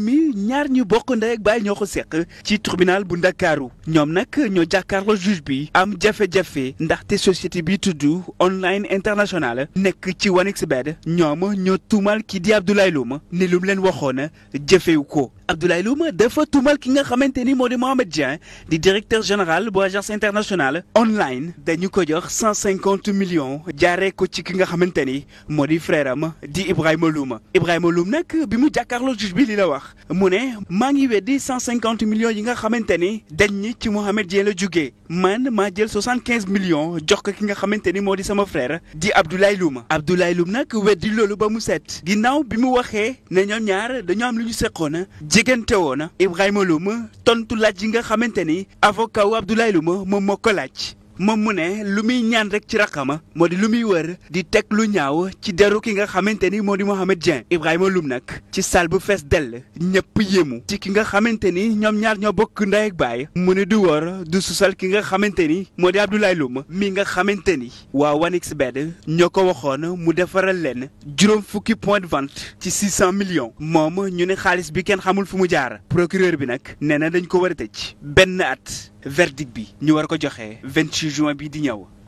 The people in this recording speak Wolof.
mi ñaar ñu bokk ndey ak baay ñoo ko seq ci tribunal bu ndakaaru ñoom nag ñoo jàkkaarloo juge bi am jafe-jafe ndaxte société bi tudd online international nekk ci Wanexbet ñoom ñoo tuumal kii di Abdoulaye Loum ne lu mu leen waxoon jëfewu ko Abdoulaye Loum dafa tuumal ki nga xamante ni moo di Mohamed Dieng di directeur général bu agence internationale online dañu ko jox cent ko ci ki nga xamante ni moo di frère am di Ibrahima Loum Ibrahima Loum nag bi mu jàkkaarloo juge bi li la wax mu ne maa ngi weddi cent cinquante millions yi nga xamante ni dañ ni ci Mohamed Dieng la jugee man maa jël soixante quinze millions jox ko ki nga xamante ni moo di sama frère di Abdoulaye Loum Abdoulaye Loum nag weddi loolu ba mu set ginnaaw bi mu waxee jegante woon Ibrahima Loum tontu laaj yi nga xamante ni avocat wu Abdoulaye Loum moom moo ko laaj moom mu ne lu muy ñaan rek ci raqama moo di lu muy wër di teg lu ñaaw ci deru ki nga xamante ni moo di Mohamed Dieng Ibrahima Loum nag ci salle bu fees dell ñëpp yéemu ci ki nga xamante ni ñoom ñaar ñoo bokk ndey ak baay mu ne du wor du susal ki nga xamante ni moo di Abdoulaye Loum mi nga xamante ni waa 1xBet ñoo ko waxoon mu defaral leen juróom fukki point de vente ci 600 millions moom ñu ne xaalis bi kenn xamul fu mu jaar procureur bi nag nee na dañ ko war a tëj benn at verdict bi ñu war ko joxe 28 juin bii di ñëw